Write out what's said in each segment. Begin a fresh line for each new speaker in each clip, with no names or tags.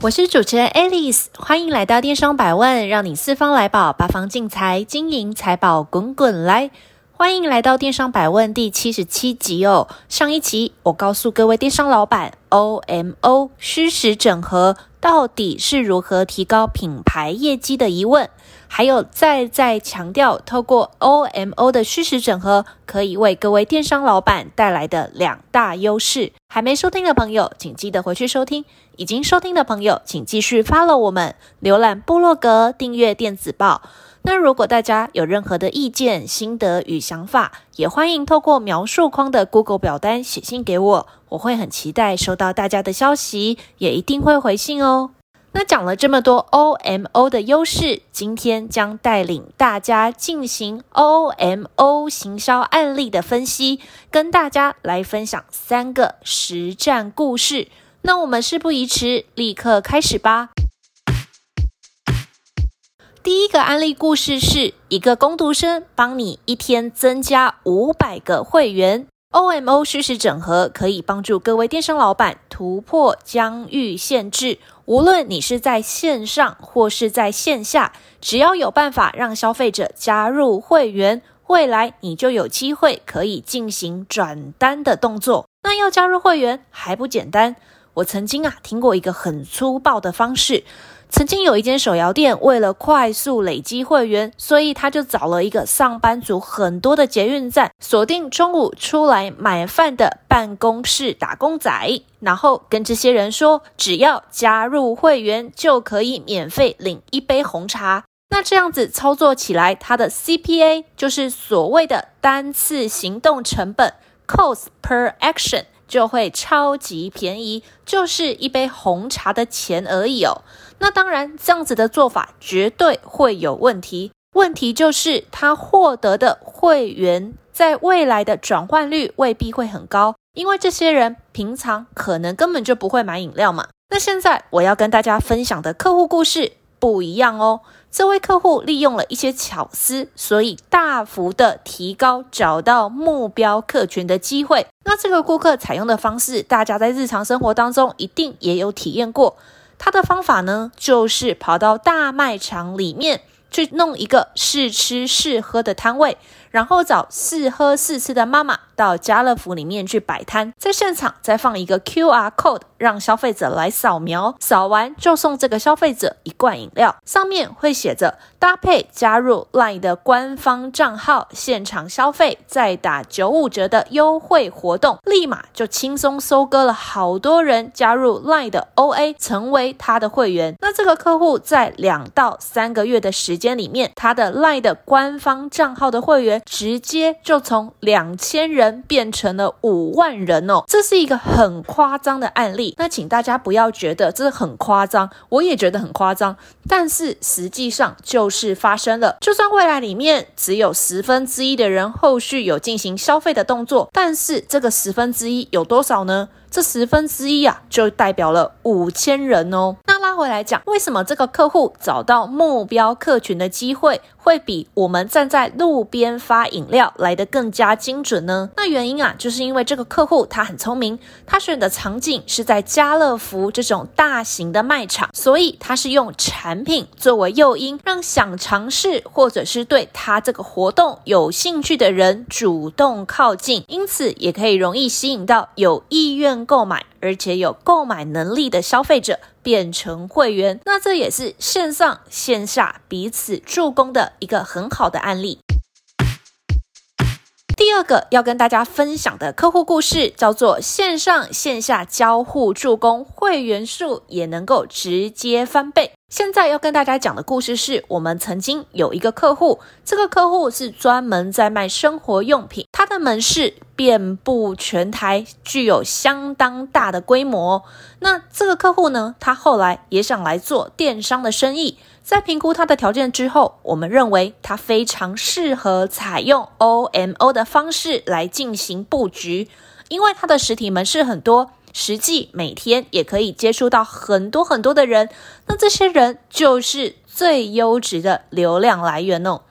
我是主持人 Alice，歡迎來到電商百問，讓你四方來寶，八方進財，金銀財寶滾滾來。歡迎來到電商百問第七十七集哦。上一集我告訴各位電商老板，OMO 虛實整合到底是如何提高品牌業績的疑問。還有再再強調，透過 OMO 的虛實整合，可以為各位電商老闆帶來的兩大優勢。還沒收聽的朋友，請記得回去收聽；已經收聽的朋友，請繼續 follow 我們，瀏覽部落格，訂閱電子報。那如果大家有任何的意見、心得與想法，也歡迎透過描述框的 Google 表單寫信給我，我會很期待收到大家的消息，也一定會回信哦。那講了這麼多 OMO 的優勢，今天將帶領大家進行 OMO 行銷案例的分析，跟大家來分享三個實戰故事。那我們事不宜遲，立刻開始吧。第一個案例故事是一個工讀生，幫你一天增加五百個會員。OMO 虛實整合可以幫助各位電商老板突破疆域限制。無論你是在線上或是在線下，只要有辦法讓消費者加入會員，未來你就有機會可以進行轉單的動作。那要加入會員還不簡單？我曾經啊聽過一個很粗暴的方式。曾經有一間手搖店，為了快速累積會員，所以他就找了一個上班族很多的捷運站，鎖定中午出來買飯的辦公室打工仔，然後跟這些人說，只要加入會員就可以免費領一杯紅茶。那這樣子操作起來，它的 CPA 就是所謂的單次行動成本 （Cost per Action）。就會超級便宜，就是一杯紅茶的錢而已哦。那當然，這樣子的做法絕對會有問題。問題就是，他獲得的會員在未來的轉換率未必會很高，因為這些人平常可能根本就不會買飲料嘛。那現在我要跟大家分享的客戶故事。不一樣哦，這位客戶利用了一些巧思，所以大幅的提高找到目標客群的機會。那這個顧客採用的方式，大家在日常生活當中一定也有體驗過。他的方法呢，就是跑到大賣場裡面去弄一個試吃試喝的攤位。然後找試喝試吃的媽媽到家樂福裡面去擺攤，在現場再放一個 QR Code，讓消費者來掃描，掃完就送這個消費者一罐飲料，上面會寫着搭配加入 LINE 的官方賬號，現場消費再打九五折的優惠活動，立馬就輕鬆收割了好多人加入 LINE 的 OA，成為他的會員。那這個客戶在兩到三個月的時間裡面，他的 LINE 的官方賬號的會員。直接就從兩千人變成了五萬人哦，這是一個很誇張的案例。那請大家不要覺得這是很誇張，我也覺得很誇張，但是實際上就是發生了。就算未來裡面只有十分之一的人後續有進行消費的動作，但是這個十分之一有多少呢？這十分之一啊，就代表了五千人哦。那拉回來講，為什麼這個客戶找到目標客群的機會會比我們站在路邊發飲料來得更加精準呢？那原因啊，就是因為這個客戶他很聰明，他選的場景是在家樂福這種大型的賣場，所以他是用產品作為誘因，讓想嘗試或者是對他這個活動有興趣的人主動靠近，因此也可以容易吸引到有意願。購買而且有購買能力的消費者變成會員，那這也是線上線下彼此助攻的一個很好的案例。第二個要跟大家分享的客戶故事叫做“線上線下交互助攻”，會員數也能夠直接翻倍。現在要跟大家講的故事是，我們曾經有一個客戶，這個客戶是專門在賣生活用品，他的門市遍布全台，具有相當大的規模。那這個客戶呢，他後來也想來做電商的生意，在評估他的條件之後，我們認為他非常適合採用 OMO 的方式來進行布局，因為他的實體門市很多。實際每天也可以接觸到很多很多的人，那這些人就是最優質的流量來源哦。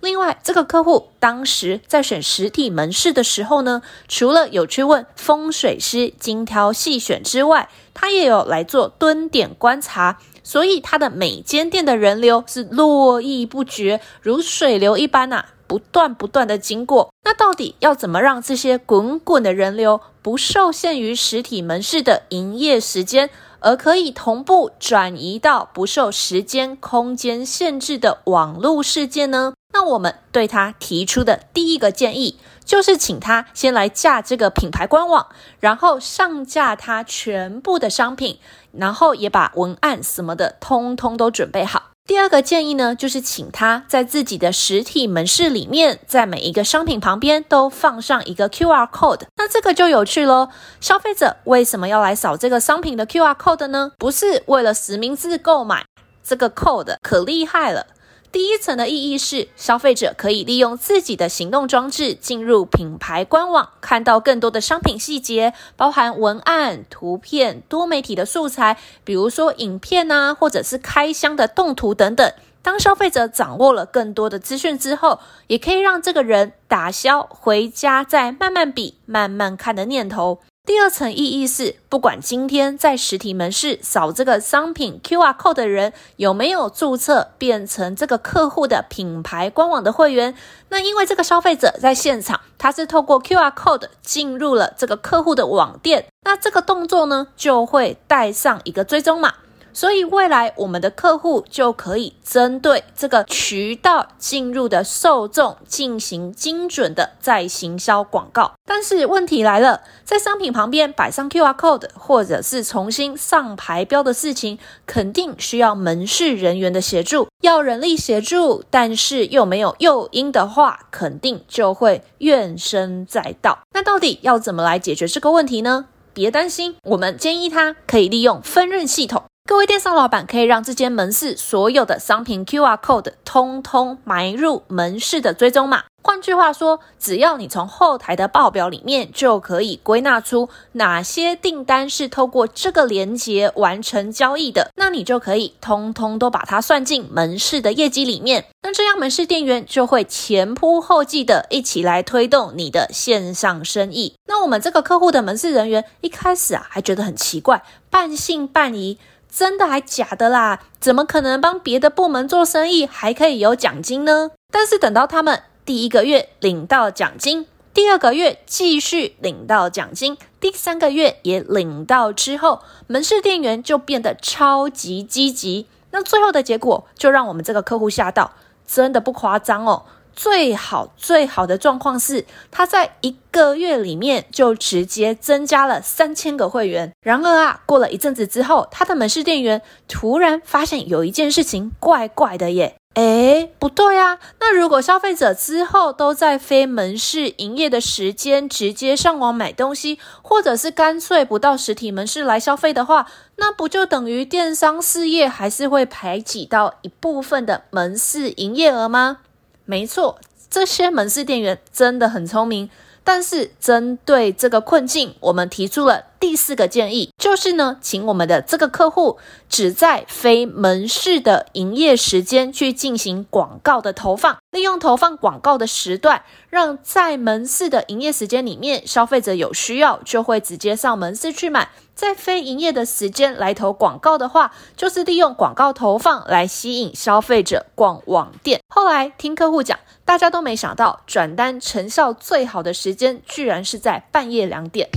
另外，這個客戶當時在選實體門市的時候呢，除了有去問風水師精挑細選之外，他也有來做蹲點觀察，所以他的每間店的人流是絡繹不絕，如水流一般啊。不斷不斷的經過，那到底要怎麼讓這些滾滾的人流不受限於實體門市的營業時間，而可以同步轉移到不受時間空間限制的網絡世界呢？那我們對他提出的第一個建議，就是請他先來架這個品牌官網，然後上架他全部的商品，然後也把文案什麼的通通都準備好。第二個建議呢，就是請他在自己的實體門市裡面，在每一個商品旁邊都放上一個 QR code。那這個就有趣嘍。消費者為什麼要來掃這個商品的 QR code 呢？不是為了實名制購買，這個 code 可厲害了。第一層的意義是，消費者可以利用自己的行動裝置進入品牌官網，看到更多的商品細節，包含文案、圖片、多媒體的素材，比如說影片啊，或者是開箱的動圖等等。當消費者掌握了更多的資訊之後，也可以讓這個人打消回家再慢慢比、慢慢看的念頭。第二層意義是，不管今天在實體門市掃這個商品 QR Code 的人有沒有註冊，變成這個客戶的品牌官網的會員，那因為這個消費者在現場，他是透過 QR Code 進入了這個客戶的網店，那這個動作呢，就會帶上一個追蹤碼。所以未來我們的客戶就可以針對這個渠道進入的受眾進行精準的再行銷廣告。但是問題來了，在商品旁邊擺上 QR Code 或者是重新上牌標的事情，肯定需要門市人員的協助，要人力協助，但是又沒有誘因的話，肯定就會怨聲載道。那到底要怎麼來解決這個問題呢？別擔心，我們建議他可以利用分潤系統。各位電商老闆可以讓這間門市所有的商品 QR Code 通通埋入門市的追蹤碼。換句話說，只要你從後台的報表裡面就可以歸納出哪些訂單是透過這個連接完成交易的，那你就可以通通都把它算進門市的業績裡面。那這樣門市店員就會前仆後繼的一起來推動你的線上生意。那我們這個客戶的門市人員一開始啊還覺得很奇怪，半信半疑。真的還假的啦？怎麼可能幫別的部門做生意還可以有獎金呢？但是等到他們第一個月領到獎金，第二個月繼續領到獎金，第三個月也領到之後，門市店員就變得超級積極。那最後的結果就讓我們這個客戶嚇到，真的不誇張哦。最好最好的狀況是，他在一個月裡面就直接增加了三千個會員。然而啊，過了一陣子之後，他的門市店員突然發現有一件事情怪怪的耶。誒，不對呀，啊。那如果消費者之後都在非門市營業的時間直接上網買東西，或者是乾脆不到實體門市來消費的話，那不就等於電商事業還是會排擠到一部分的門市營業額嗎？沒錯，這些門市店員真的很聰明，但是針對這個困境，我們提出了。第四個建議就是呢，請我們的這個客戶只在非門市的營業時間去進行廣告的投放，利用投放廣告的時段，讓在門市的營業時間裡面消費者有需要就會直接上門市去買，在非營業的時間來投廣告的話，就是利用廣告投放來吸引消費者逛網店。後來聽客戶講，大家都沒想到轉單成效最好的時間，居然是在半夜兩點。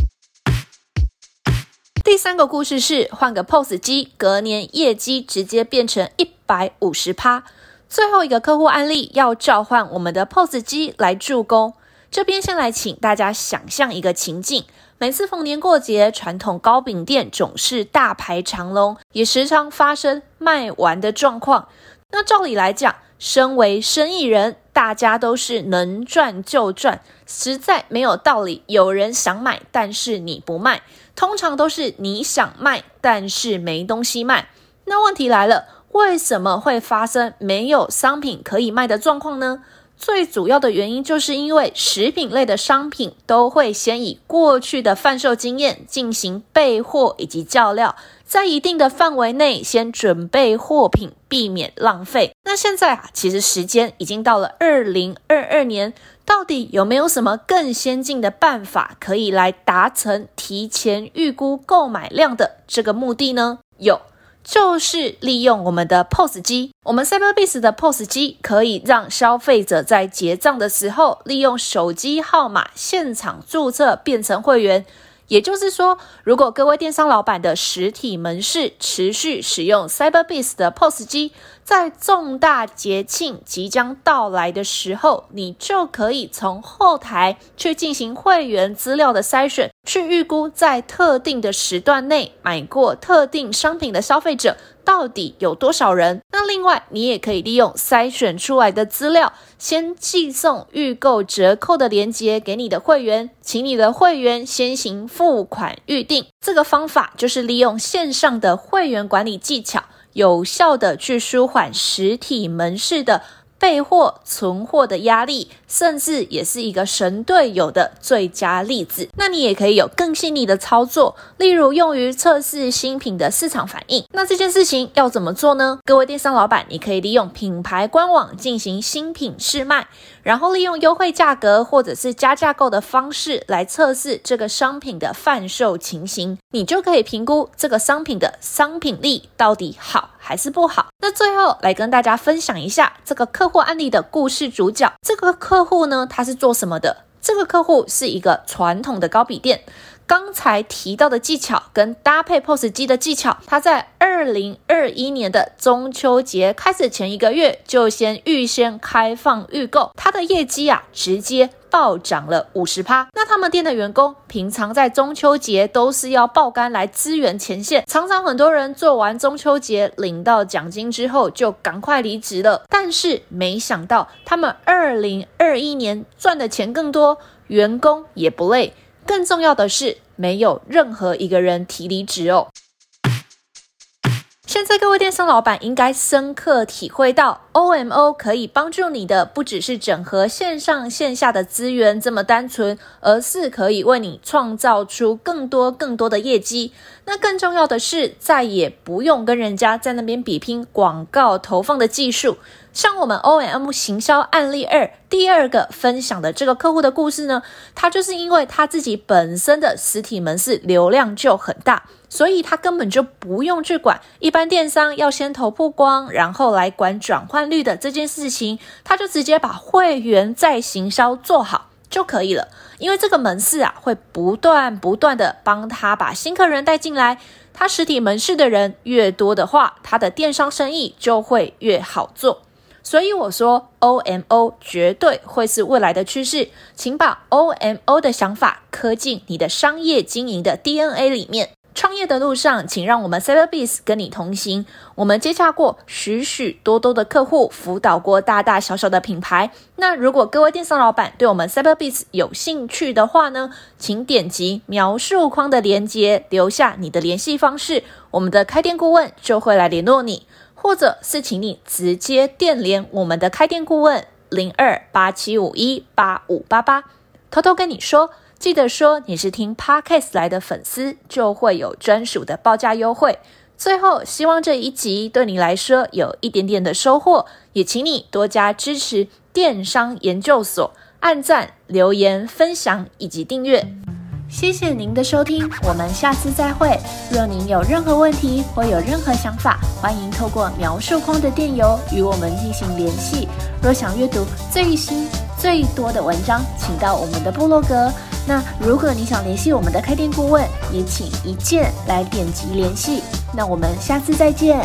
第三個故事是換個 POS 機，隔年業績直接變成一百五十趴。最後一個客戶案例要召喚我們的 POS 機來助攻。這邊先來請大家想象一個情境：每次逢年過節，傳統糕餅店總是大排長龍，也時常發生賣完的狀況。那照理來講，身為生意人，大家都是能賺就賺，實在沒有道理有人想買，但是你不賣。通常都是你想賣，但是沒東西賣。那問題來了，為什麼會發生沒有商品可以賣的狀況呢？最主要的原因，就是因為食品類的商品都會先以過去的販售經驗進行備貨以及叫料，在一定的範圍內先準備貨品，避免浪費。那現在啊，其實時間已經到了二零二二年，到底有沒有什麼更先進的辦法可以來達成提前預估購買量的這個目的呢？有。就是利用我們的 POS 機，我們 Cyberbiz 的 POS 機可以讓消費者在結賬的時候利用手機號碼現場註冊變成會員。也就是說，如果各位電商老闆的實體門市持續使用 Cyberbiz 的 POS 機，在重大節慶即將到來的時候，你就可以從後台去進行會員資料的篩選，去預估在特定的時段內買過特定商品的消費者到底有多少人。那另外，你也可以利用篩選出來的資料，先寄送預購折扣的連結給你的會員，請你的會員先行付款預定。這個方法就是利用線上的會員管理技巧。有效的去舒緩實體門市的備貨、存貨的壓力。甚至也是一個神隊友的最佳例子。那你也可以有更細膩的操作，例如用於測試新品的市場反應。那這件事情要怎麼做呢？各位電商老板，你可以利用品牌官網進行新品試賣，然後利用優惠價格或者是加價購的方式來測試這個商品的販售情形，你就可以評估這個商品的商品力到底好還是不好。那最後來跟大家分享一下這個客戶案例的故事主角，這個客。客戶呢？他是做什麼的？這個客戶是一個傳統的糕餅店。剛才提到的技巧跟搭配 POS 機的技巧，他在二零二一年的中秋節開始前一個月就先預先開放預購，他的業績啊，直接。暴漲了五十趴。那他們店的員工平常在中秋節都是要爆肝來支援前線，常常很多人做完中秋節領到獎金之後就趕快離職了。但是沒想到他們二零二一年賺的錢更多，員工也不累，更重要的是沒有任何一個人提離職哦。現在各位電商老板應該深刻體會到，OMO 可以幫助你的不只是整合線上線下的資源這麼單純，而是可以為你創造出更多更多的業績。那更重要的是，再也不用跟人家在那邊比拼廣告投放的技術。像我們 OMO 行銷案例二第二個分享的這個客戶的故事呢，他就是因為他自己本身的實體門市流量就很大。所以他根本就不用去管一般電商要先投曝光，然後來管轉換率的這件事情，他就直接把會員再行銷做好就可以了。因為這個門市啊，會不斷不斷的幫他把新客人帶進來，他實體門市的人越多的話，他的電商生意就會越好做。所以我說，OMO 絕對會是未來的趨勢，請把 OMO 的想法刻進你的商業經營的 DNA 裡面。創業的路上，請讓我們 Cyberbiz 跟你同行。我們接洽過許許多多的客戶，輔導過大大小小的品牌。那如果各位電商老板對我們 Cyberbiz 有興趣的話呢，請點擊描述框的鏈接，留下你的聯繫方式，我們的開店顧問就會來聯絡你，或者是請你直接電聯我們的開店顧問零二八七五一八五八八。8588，偷偷跟你說。記得說你是聽 Podcast 來的粉絲，就會有專屬的報價優惠。最後，希望這一集對你來說有一點點的收穫，也請你多加支持電商研究所，按讚、留言、分享以及訂閱。謝謝您的收聽，我們下次再會。若您有任何問題或有任何想法，歡迎透過描述框的電郵與我們進行聯繫。若想閱讀最新最多的文章，請到我們的部落格。那如果你想聯繫我們的開店顧問，也請一鍵來點擊聯繫。那我們下次再見。